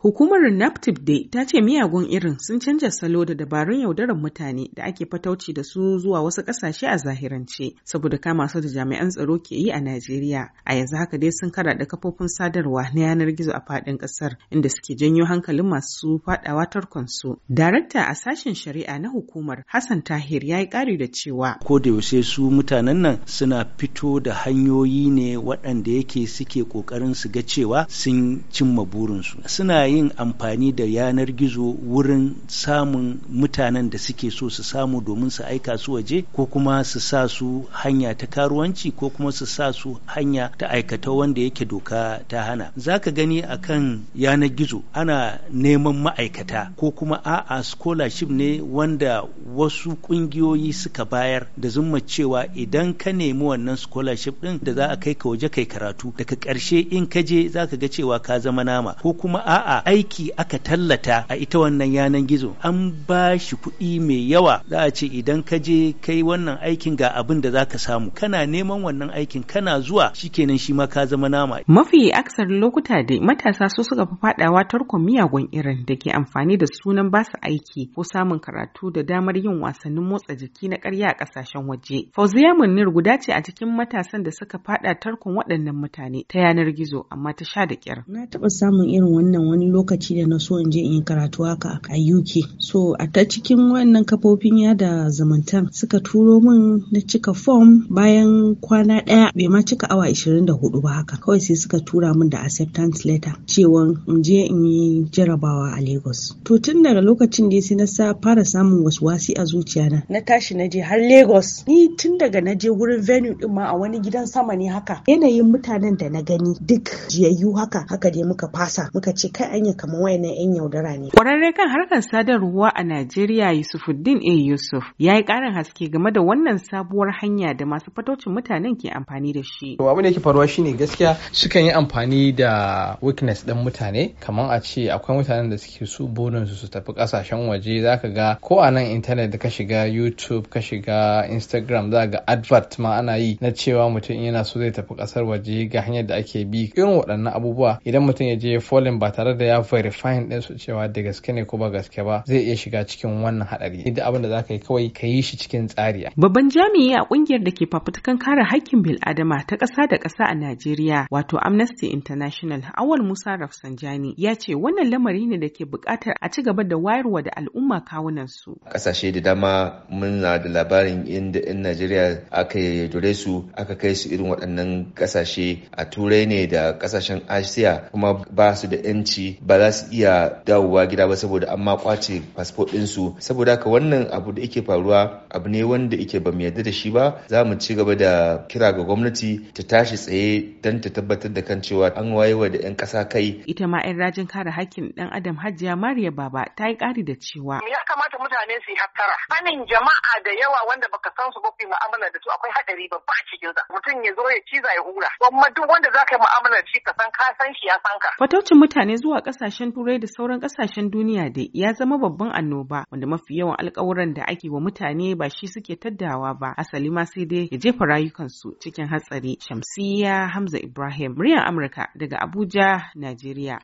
Hukumar NAPTIP dai ta ce miyagun irin sun canja salo da dabarun yaudarar mutane da ake fatauci da su zuwa wasu ƙasashe a zahirance saboda kama su da jami'an tsaro ke yi a Najeriya. A yanzu haka dai sun kara da kafofin sadarwa na yanar gizo a faɗin ƙasar inda suke janyo hankalin masu faɗawa tarkon su, Darakta a sashen shari'a na hukumar Hassan Tahir ya yi ƙari da cewa. Ko da yaushe su mutanen nan suna fito da hanyoyi ne waɗanda yake suke ƙoƙarin su ga cewa sun cimma burinsu. Suna yin amfani da yanar gizo wurin samun mutanen da suke so su samu domin su aika su waje ko kuma su sa su hanya ta karuwanci ko kuma su sa su hanya ta aikata wanda yake doka ta hana za ka gani kan yanar gizo ana neman ma'aikata ko kuma a'a scholarship ne wanda wasu kungiyoyi suka bayar da zumma cewa idan ka nemi wannan scholarship din da za a kai ka waje kai karatu daga karshe in ka je za ka ga cewa ka zama nama ko kuma a'a aiki aka tallata a ita wannan yanan gizo an ba shi kuɗi mai yawa za a ce idan ka je kai wannan aikin ga abin da za ka samu kana neman wannan aikin kana zuwa shikenan shi ma ka zama nama mafi aksarin lokuta da matasa su suka fi fadawa tarkon miyagun irin da ke amfani da sunan ba su aiki ko samun karatu da damar yin wasannin motsa jiki na ƙarya a ƙasashen waje. Fauziya Munir guda ce a cikin matasan da suka faɗa tarkon waɗannan mutane ta yanar gizo amma ta sha da ƙyar. Na taɓa samun irin wannan wani lokaci da na so in je in yi karatu haka a UK. So a ta cikin wannan kafofin ya da zamantan suka turo min na cika fom bayan kwana ɗaya bai ma cika awa 24 ba haka kawai sai suka tura min da acceptance letter cewa in je in yi jarabawa a Lagos. To tun daga lokacin da sai na sa fara samun wasu wasi motsi a zuciya na na tashi na je har Lagos ni tun daga na je wurin venue din ma a wani gidan sama ne haka yanayin mutanen da na gani duk jiyayyu haka haka dai muka fasa muka ce kai anya kamar wayannan yan yaudara ne kwararre kan harkar sadarwa a Najeriya Yusufuddin A Yusuf ya yi karin haske game da wannan sabuwar hanya da masu fatocin mutanen ke amfani da shi to abin da yake faruwa shine gaskiya sukan yi amfani da weakness din mutane kamar a ce akwai mutanen da suke su bonon su su tafi ƙasashen waje zaka ga ko a nan internet intanet ka shiga youtube ka shiga instagram za ga advert ma ana yi na cewa mutum yana so zai tafi kasar waje ga hanyar da ake bi irin waɗannan abubuwa idan mutum ya je folin ba tare da ya verify din su cewa da gaske ne ko ba gaske ba zai iya shiga cikin wannan hadari idan abin da za yi kawai ka yi shi cikin tsari babban jami'i a kungiyar da ke fafutukan kare haƙƙin bil'adama ta ƙasa da ƙasa a Najeriya wato Amnesty International Awal Musa Rafsanjani ya ce wannan lamari ne da ke buƙatar a ci gaba da wayarwa da al'umma kawunan su ƙasashe kasashe da dama muna da labarin inda 'yan Najeriya aka yaudare su aka kai su irin waɗannan ƙasashe a turai ne da ƙasashen Asiya kuma ba su da 'yanci ba za su iya dawowa gida ba saboda an ma kwace fasfo ɗinsu saboda haka wannan abu da yake faruwa abu ne wanda yake ba mu yarda da shi ba za mu ci gaba da kira ga gwamnati ta tashi tsaye don ta tabbatar da kan cewa an wayewa da 'yan ƙasa kai. Ita ma 'yan rajin kare hakkin ɗan Adam Hajiya Mariya Baba ta yi ƙari da cewa. Ya kamata mutane su yi nasara sanin jama'a da yawa wanda baka san su ba ku mu'amala da su akwai hadari babba a cikin sa mutum ya zo ya ciza ya hura kuma duk wanda zaka yi mu'amala shi ka san ka san shi ya san ka fataucin mutane zuwa ƙasashen turai da sauran ƙasashen duniya da ya zama babban annoba wanda mafi yawan alƙawuran da ake wa mutane ba shi suke taddawa ba asali ma sai dai ya jefa rayukansu cikin hatsari shamsiya hamza ibrahim muryar amurka daga abuja najeriya